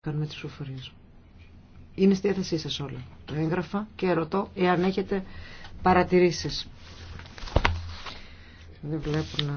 κάνουμε τις ψηφοφορίες. Είναι στη διάθεσή σας όλα. Το έγγραφα και ρωτώ εάν έχετε παρατηρήσεις. Δεν βλέπω να...